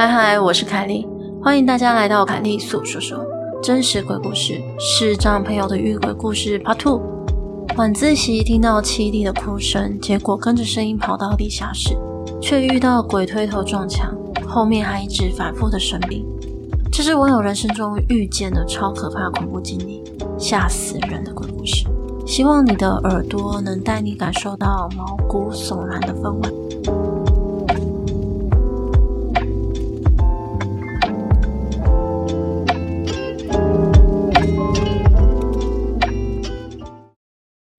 嗨嗨，hi hi, 我是凱莉，歡迎大家來到凱莉粟說說真實鬼故事，是視障朋友的遇鬼故事 Part Two。晚自習聽到淒厲的哭聲，結果跟着聲音跑到地下室，卻遇到鬼推頭撞牆，後面還一直反復的生病。這是網友人生中遇見的超可怕恐怖經歷，嚇死人的鬼故事。希望你的耳朵能帶你感受到毛骨悚然的氛圍。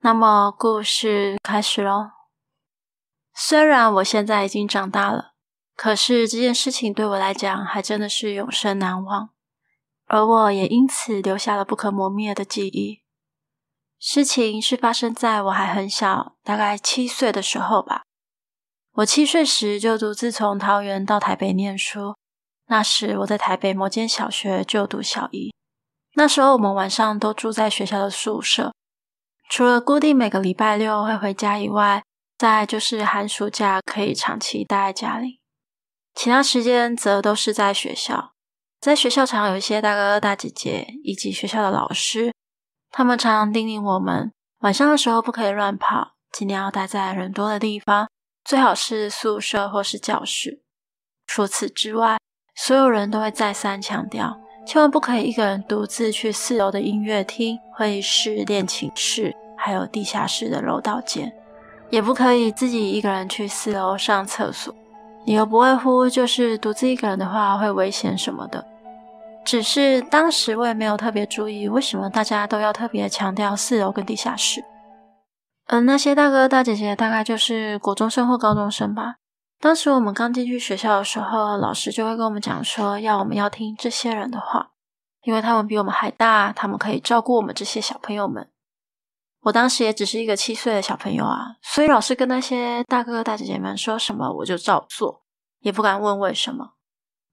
那麼故事開始嘍。雖然我現在已經長大了，可是這件事情對我來講還真的是永生難忘，而我也因此留下了不可磨滅的記憶。事情是發生在我還很小，大概七歲的時候吧。我七歲時就獨自從桃園到台北念書，那時我在台北某間小學就讀小一，那時候我們晚上都住在學校的宿舍。除了固定每個禮拜六會回家以外，再就是寒暑假可以長期待在家裡，其他時間則都是在學校。在學校常有一些大哥大姐姐以及學校的老師，他們常常叮嚀我們，晚上的時候不可以亂跑，盡量要待在人多的地方，最好是宿舍或是教室。除此之外，所有人都會再三強調，千萬不可以一個人獨自去四樓的音樂廳、會議室、練琴室。還有地下室的樓道間，也不可以自己一個人去四樓上廁所。理由不外乎就是獨自一個人的話會危險什麼的。只是當時我也沒有特別注意，為什麼大家都要特別強調四樓跟地下室。嗯，那些大哥大姐姐大概就是國中生或高中生吧。當時我們剛進去學校的時候，老師就會跟我們講說，要我們要聽這些人的話，因為他們比我們還大，他們可以照顧我們這些小朋友們。我當時也只是一個七歲的小朋友啊，所以老師跟那些大哥哥大姐姐們說什麼，我就照做，也不敢問為什麼。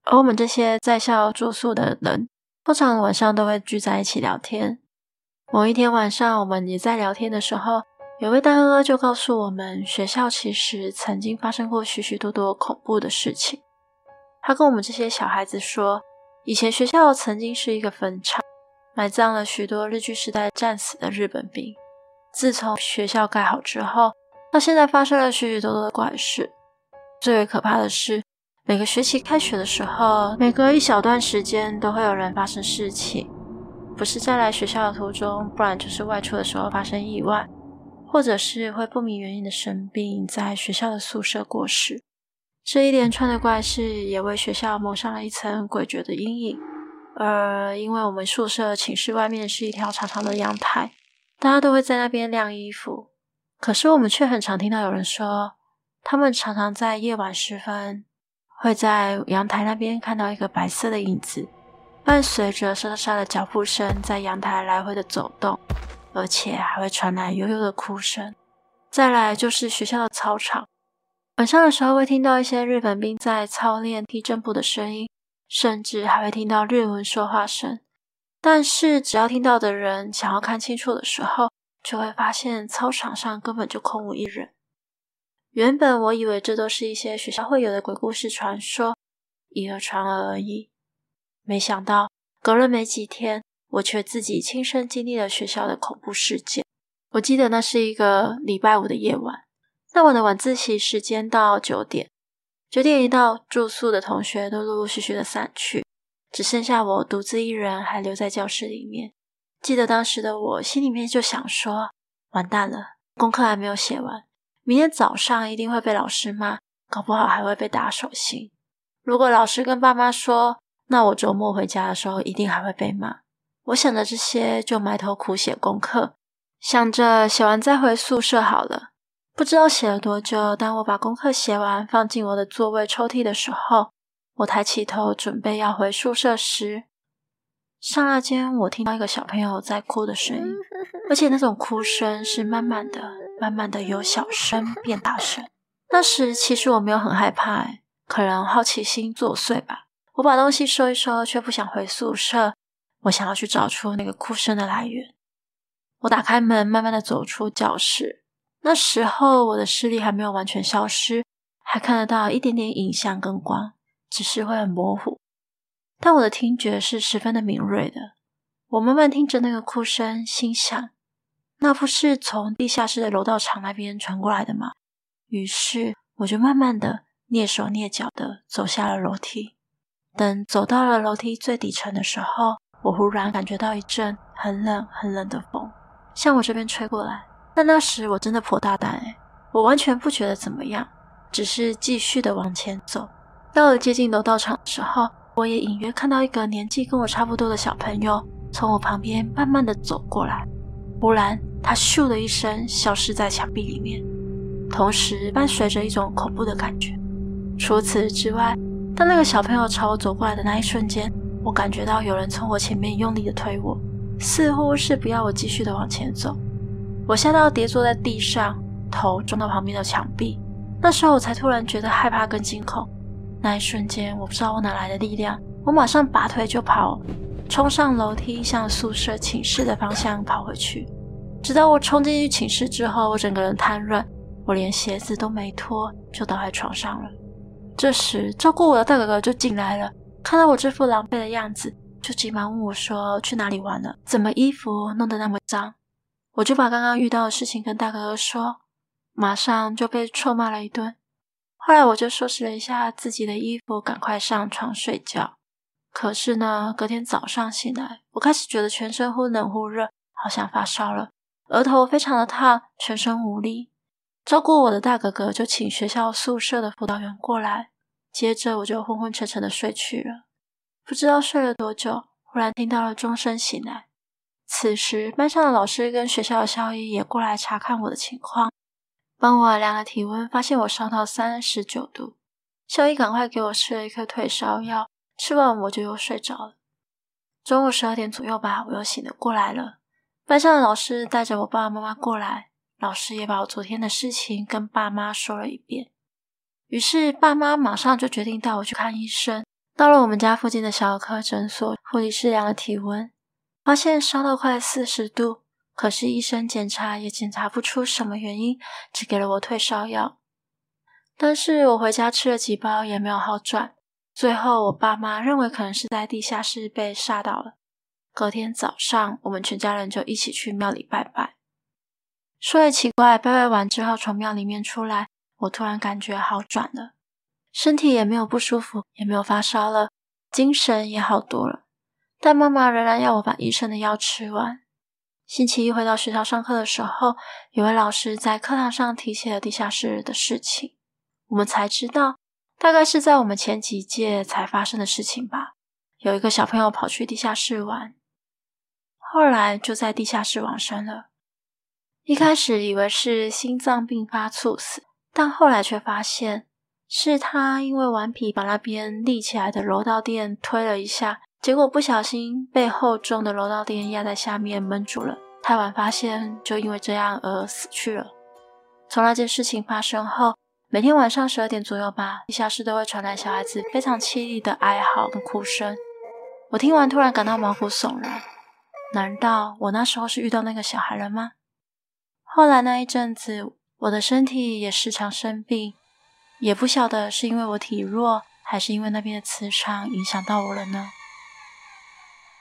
而我們這些在校住宿的人，通常晚上都會聚在一起聊天。某一天晚上，我們也在聊天的時候，有位大哥就告訴我們，學校其實曾經發生過許許多多恐怖的事情。他跟我們這些小孩子說，以前學校曾經是一個墳場，埋葬了許多日據時代戰死的日本兵。自從學校蓋好之後，到現在發生了許許多多的怪事。最為可怕的是，每個學期開學的時候，每隔一小段時間都會有人發生事情，不是在來學校的途中，不然就是外出的時候發生意外，或者是會不明原因的生病，在學校的宿舍過世。這一連串的怪事也為學校蒙上了一層詭譎的陰影。而因為我們宿舍寢室外面是一條長長的陽台。大家都會在那邊晾衣服，可是我們卻很常聽到有人說，他們常常在夜晚時分會在陽台那邊看到一個白色的影子，伴隨着沙沙的腳步聲在陽台來回的走動，而且還會傳來悠悠的哭聲。再來就是學校的操場，晚上的時候會聽到一些日本兵在操練踢正步的聲音，甚至還會聽到日文說話聲。但是，只要聽到的人想要看清楚的時候，就會發現操場上根本就空無一人。原本我以為這都是一些學校會有的鬼故事傳說，以訛傳訛而已。沒想到，隔了沒幾天，我卻自己親身經歷了學校的恐怖事件。我記得那是一個禮拜五的夜晚，那晚的晚自習時間到九點，九點一到，住宿的同學都陸陸續續的散去。只剩下我獨自一人還留在教室裡面。記得當時的我心裡面就想說：“完蛋了，功課還沒有寫完，明天早上一定會被老師罵，搞不好還會被打手心。如果老師跟爸媽說，那我周末回家的時候一定還會被罵。”我想着這些，就埋頭苦寫功課，想着寫完再回宿舍好了。不知道寫了多久，當我把功課寫完放進我的座位抽屜的時候，我抬起頭，準備要回宿舍時，剎那間我聽到一個小朋友在哭的聲音，而且那種哭聲是慢慢的、慢慢的由小聲變大聲。那時其實我沒有很害怕，可能好奇心作祟吧。我把東西收一收，卻不想回宿舍，我想要去找出那個哭聲的來源。我打開門，慢慢的走出教室。那時候我的視力還沒有完全消失，還看得到一點點影像跟光。只是會很模糊，但我的聽覺是十分的敏銳的。我慢慢聽着那個哭聲，心想：“那不是從地下室的樓道場那邊傳過來的嗎？”於是，我就慢慢的躡手躡腳的走下了樓梯。等走到了樓梯最底層的時候，我忽然感覺到一陣很冷、很冷的風向我這邊吹過來。但那時我真的頗大膽哎，我完全不覺得怎麼樣，只是繼續的往前走。到了接近樓道場的時候，我也隱約看到一個年紀跟我差不多的小朋友從我旁邊慢慢的走過來，忽然他咻的一聲消失在牆壁裡面，同時伴隨着一種恐怖的感覺。除此之外，當那個小朋友朝我走過來的那一瞬間，我感覺到有人從我前面用力的推我，似乎是不要我繼續的往前走。我嚇到跌坐在地上，頭撞到旁邊的牆壁，那時候我才突然覺得害怕跟驚恐。那一瞬間，我不知道我哪來的力量，我馬上拔腿就跑，衝上樓梯，向宿舍寢室的方向跑回去。直到我衝進去寢室之後，我整個人癱軟，我連鞋子都沒脫，就倒在床上了。這時，照顧我的大哥哥就進來了，看到我這副狼狽的樣子，就急忙問我說：“去哪裡玩了？怎麼衣服弄得那麼髒？”我就把剛剛遇到的事情跟大哥哥說，馬上就被臭罵了一頓。後來我就收拾了一下自己的衣服，趕快上床睡覺。可是呢，隔天早上醒來，我開始覺得全身忽冷忽熱，好像發燒了，額頭非常的燙，全身無力。照顧我的大哥哥就請學校宿舍的輔導員過來，接着我就昏昏沉沉的睡去了。不知道睡了多久，忽然聽到了鐘聲醒來。此時，班上的老師跟學校的校醫也過來查看我的情況。幫我量了體溫，發現我燒到三十九度。校醫趕快給我吃了一顆退燒藥，吃完我就又睡着了。中午十二點左右吧，我又醒了過來了。班上的老師帶着我爸爸媽媽過來，老師也把我昨天的事情跟爸媽說了一遍。於是爸媽馬上就決定帶我去看醫生。到了我們家附近的小兒科診所，護理師量了體溫，發現燒到快四十度。可是醫生檢查也檢查不出什麼原因，只給了我退燒藥。但是我回家吃了幾包也沒有好轉。最後我爸媽認為可能是在地下室被嚇到了。隔天早上，我們全家人就一起去廟裡拜拜。說也奇怪，拜拜完之後從廟裡面出來，我突然感覺好轉了，身體也沒有不舒服，也沒有發燒了，精神也好多了。但媽媽仍然要我把醫生的藥吃完。星期一回到學校上課的時候，有位老師在課堂上提起了地下室的事情。我們才知道，大概是在我們前幾屆才發生的事情吧。有一個小朋友跑去地下室玩，後來就在地下室往生了。一開始以為是心臟病發猝死，但後來卻發現是他因為頑皮把那邊立起來的柔道墊推了一下。結果不小心被厚重的樓道墊壓在下面悶住了，太晚發現，就因為這樣而死去了。從那件事情發生後，每天晚上十二點左右吧，地下室都會傳來小孩子非常淒厲的哀嚎和哭聲。我聽完突然感到毛骨悚然，難道我那時候是遇到那個小孩了嗎？後來那一陣子，我的身體也時常生病，也不曉得是因為我體弱，還是因為那邊的磁場影響到我了呢？